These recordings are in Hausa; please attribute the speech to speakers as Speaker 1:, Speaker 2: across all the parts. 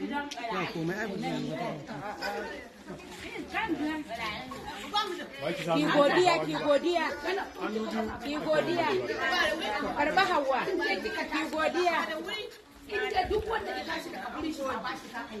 Speaker 1: ki godiya ki godiya ki godiya karba hawa ki godiya duk wanda ya tashi daga gurin shi ba shi ta kai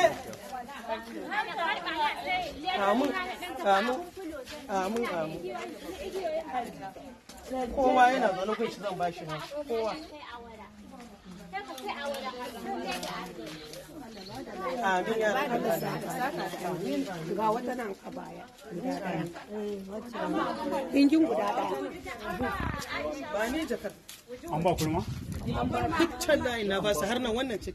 Speaker 1: amin amin amin amin kowa yana zaune shi zan bashi ne amin ya amin ga wata nan baya guda daya dingin guda daya ba ne jakar an ba kurma layi na ba su har nan wannan ce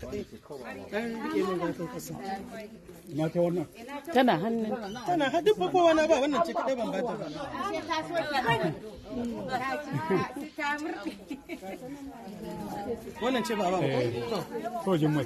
Speaker 1: min ta wannan? Tana hannun. Tana kowa na ba wannan ce ban ba ta ba. Wannan ce ba ba Ko eh, jin mai.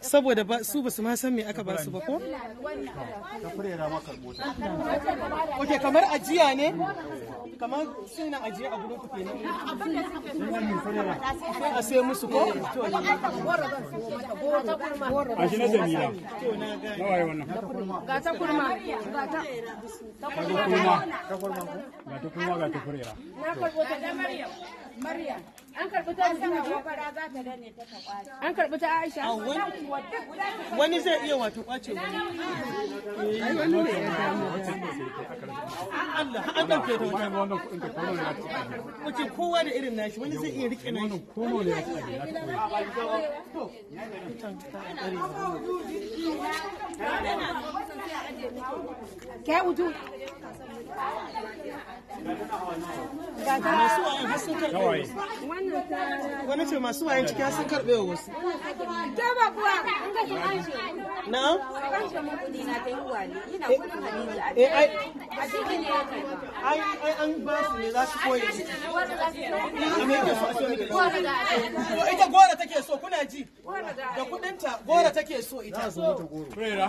Speaker 1: saboda su ba su ma san me aka ba su ba ko ok kamar ajiya ne kamar suna ajiya a gurin ku ne a sai musu ko a shi na nawa wannan ga ta kurma ga ta kurma ga ta kurma ga ta kurma ga ta kurma Maryam. An karɓi ta sana gobara za ta dane ta ta kwace. An karɓi ta Aisha. Wani zai iya wato kwace Allah ta wata. Wace kowa da irin nashi wani zai iya rike nashi. Kowa da Kya wudu? Wani ce masu wayan ciki wasu. Ke ba kuwa ka shi. shi na ta eh, yi kudin A cikin eh, ya kai. Ai an ba su ne za su koyi. Ita gora take so kuna ji. Da kudinta gora take so ita. Za su mutu goro.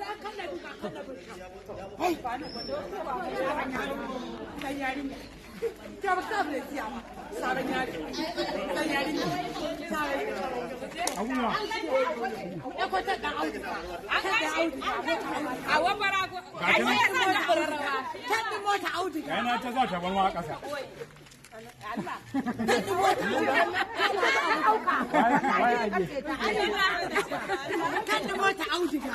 Speaker 1: Yana ta za ta barwa a ƙasa. mota auduga.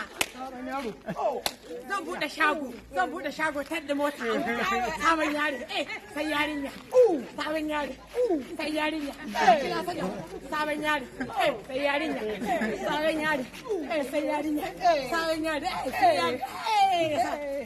Speaker 1: Zan buɗe shago, zan buɗe shago mota yari, sai yari, sai yari, sai yari, sai yari, sai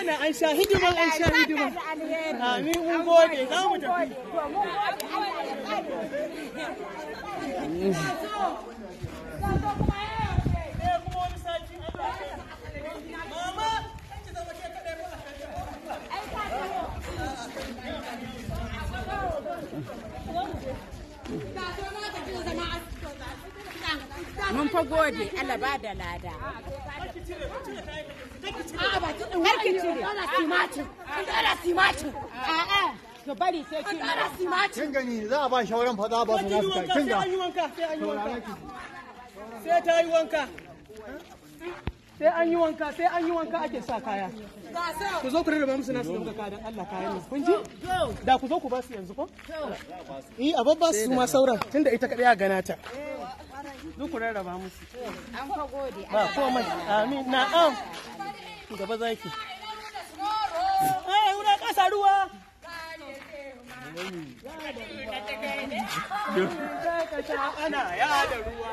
Speaker 1: amana an sha hidima an sha hidima amin gode za mu tafi Mun fa gode, Allah ba da lada. Karki cire. Dora simacin. Dora A'a. Ki bari sai ki. Dora simacin. Kin gani za a ba shawaran fa ba su nasu kai. Kin ga. Sai an yi wanka. Sai an yi wanka. Sai ta yi wanka. sai an yi wanka sai an yi wanka ake sa kaya ku zo ku rarraba musu nasu don kaya don Allah kayan nan kun ji da ku zo ku ba su yanzu ko eh a babba su ma sauran tunda ita kadai a gana ta duk eh, ku rarraba musu an fa gode ba komai amin na'am gaba zaki ai kasa ruwa ana ya da ruwa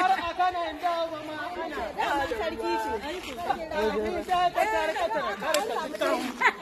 Speaker 1: a kanan dawo ma ana ya da ruwa sarki ce ka ta ta ta ta